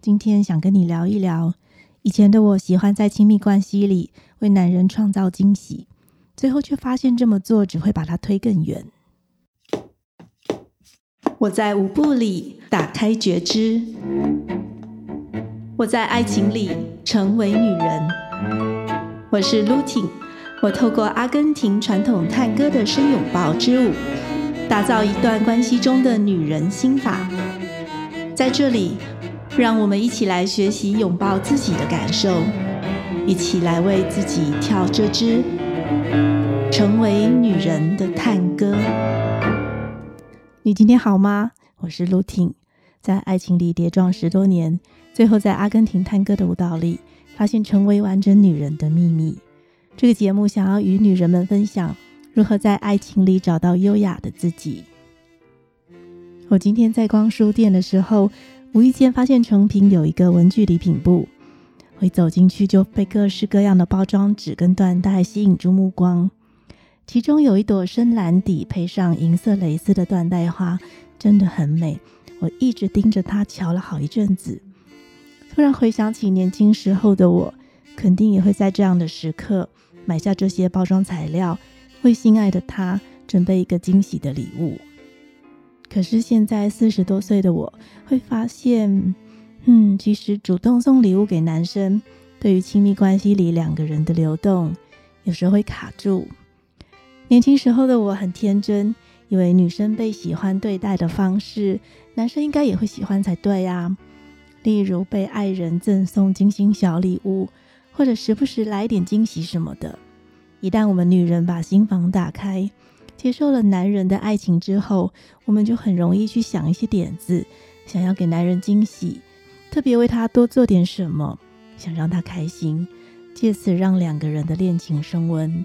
今天想跟你聊一聊，以前的我喜歡在親密關係裡為男人創造驚喜，最後卻發現這麼做只會把他推更遠。我在舞步裡打開覺知，我在愛情裡成為女人。我是 Lutin，我透過阿根廷傳統探戈的深擁抱之舞，打造一段關係中的女人心法。在這裡。讓我們一起來學習擁抱自己的感受，一起來為自己跳這支《成為女人的探戈》。你今天好嗎？我是陸婷，在愛情裡跌撞十多年，最後在阿根廷探戈的舞蹈裡，發現成為完整女人的秘密。這個節目想要與女人們分享如何在愛情裡找到優雅的自己。我今天在逛書店的時候。無意間發現誠品有一個文具禮品部，我一走進去就被各式各樣的包裝紙跟緞帶吸引住目光。其中有一朵深藍底配上銀色蕾絲的緞帶花，真的很美。我一直盯着它瞧了好一陣子，突然回想起年輕時候的我，肯定也會在這樣的時刻買下這些包裝材料，為心愛的他準備一個驚喜的禮物。可是現在四十多歲的我，會發現，嗯，其實主動送禮物給男生，對於親密關係裡兩個人的流動，有時候會卡住。年輕時候的我很天真，以為女生被喜歡對待的方式，男生應該也會喜歡才對呀。例如被愛人贈送精心小禮物，或者時不時來點驚喜什麼的。一旦我們女人把心房打開，接受了男人的愛情之後，我們就很容易去想一些點子，想要給男人驚喜，特別為他多做點什麼，想讓他開心，借此讓兩個人的戀情升溫。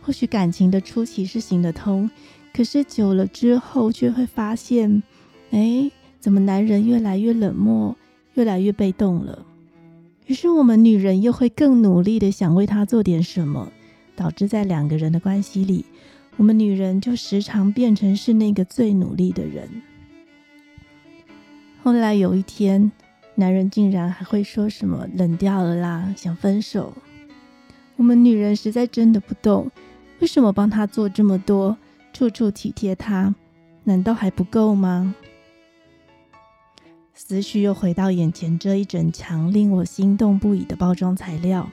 或許感情的初期是行得通，可是久了之後，卻會發現，哎，怎麼男人越來越冷漠，越來越被動了？於是我們女人又會更努力的想為他做點什麼，導致在兩個人的關係裡，我們女人就時常變成是那個最努力的人。後來有一天，男人竟然還會說什麼冷掉了啦，想分手。我們女人實在真的不懂，為什麼幫他做這麼多，處處體貼他，難道還不夠嗎？思緒又回到眼前這一整牆令我心動不已的包裝材料，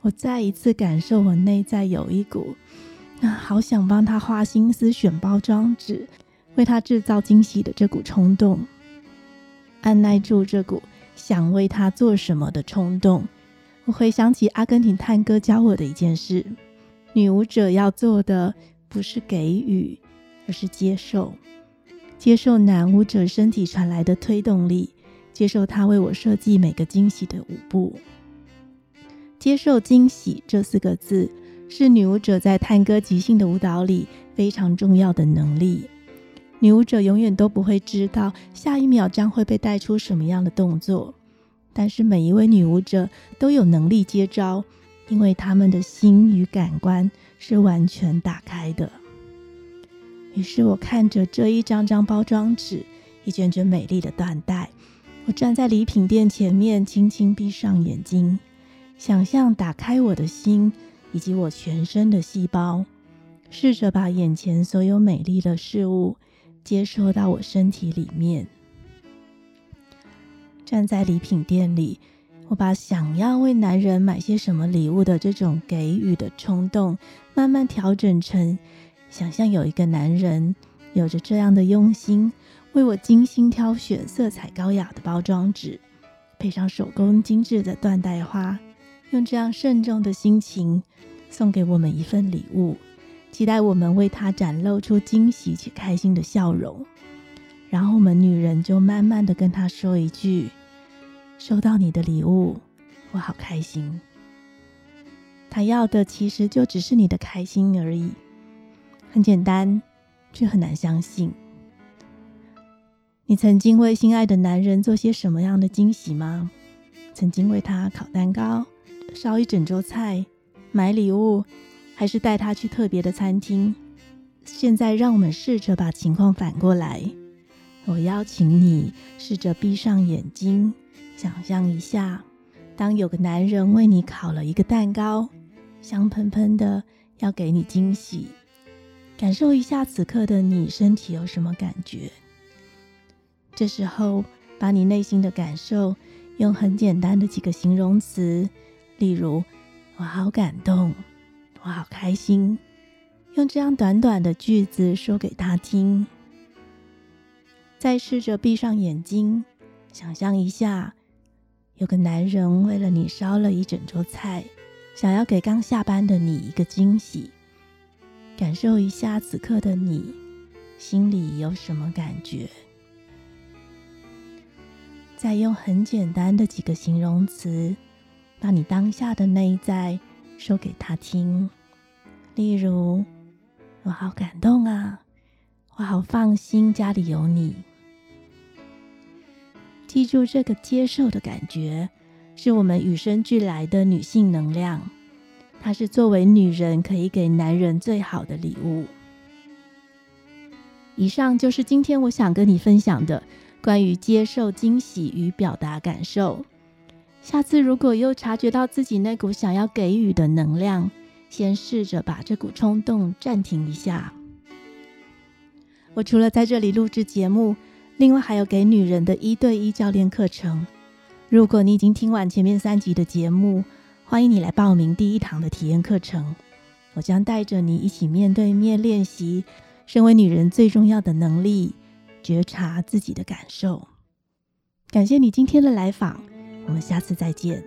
我再一次感受我內在有一股好想幫他花心思選包裝紙，為他製造驚喜的這股衝動，按捺住這股想為他做什麼的衝動。我回想起阿根廷探戈教我的一件事：女舞者要做的不是給予，而是接受，接受男舞者身體傳來的推動力，接受他為我設計每個驚喜的舞步，接受“驚喜”這四個字，是女舞者在探戈即興的舞蹈裡非常重要的能力。女舞者永遠都不會知道下一秒將會被帶出什麼樣的動作，但是每一位女舞者都有能力接招，因為她們的心與感官是完全打開的。於是我看着這一張張包裝紙，一卷卷美麗的緞帶，我站在禮品店前面，輕輕閉上眼睛，想象打開我的心。以及我全身的細胞，試着把眼前所有美麗的事物，接受到我身體裡面。站在禮品店裡，我把想要為男人買些什麼禮物的這種給予的衝動，慢慢調整成想象有一個男人，有着這樣的用心，為我精心挑選色彩高雅的包裝紙，配上手工精緻的緞帶花。用這樣慎重的心情送給我們一份禮物，期待我們為他展露出驚喜且開心的笑容。然後我們女人就慢慢的跟他說一句：“收到你的禮物，我好開心。”他要的其實就只是你的開心而已，很簡單，卻很難相信。你曾經為心愛的男人做些什麼樣的驚喜嗎？曾經為他烤蛋糕？燒一整桌菜，買禮物，還是帶他去特別的餐廳？現在，讓我們試着把情況反過來。我邀請你試着閉上眼睛，想象一下，當有個男人為你烤了一個蛋糕，香噴噴的，要給你驚喜。感受一下此刻的你身體有什麼感覺？這時候，把你內心的感受用很簡單的幾個形容詞。例如，我好感動，我好開心。用這樣短短的句子說給他聽，再試着閉上眼睛，想象一下，有個男人為了你燒了一整桌菜，想要給剛下班的你一個驚喜，感受一下此刻的你心裡有什麼感覺。再用很簡單的幾個形容詞。把你當下的內在說給他聽，例如：“我好感動啊，我好放心，家裡有你。”記住，這個接受的感覺是我們與生俱來的女性能量，它是作為女人可以給男人最好的禮物。以上就是今天我想跟你分享的關於接受驚喜與表達感受。下次如果又察覺到自己那股想要給予的能量，先試着把這股衝動暫停一下。我除了在這裡錄製節目，另外還有給女人的一對一教練課程。如果你已經聽完前面三集的節目，歡迎你來報名第一堂的體驗課程。我將帶着你一起面對面練習，身為女人最重要的能力，覺察自己的感受。感謝你今天的來訪。我們下次再見。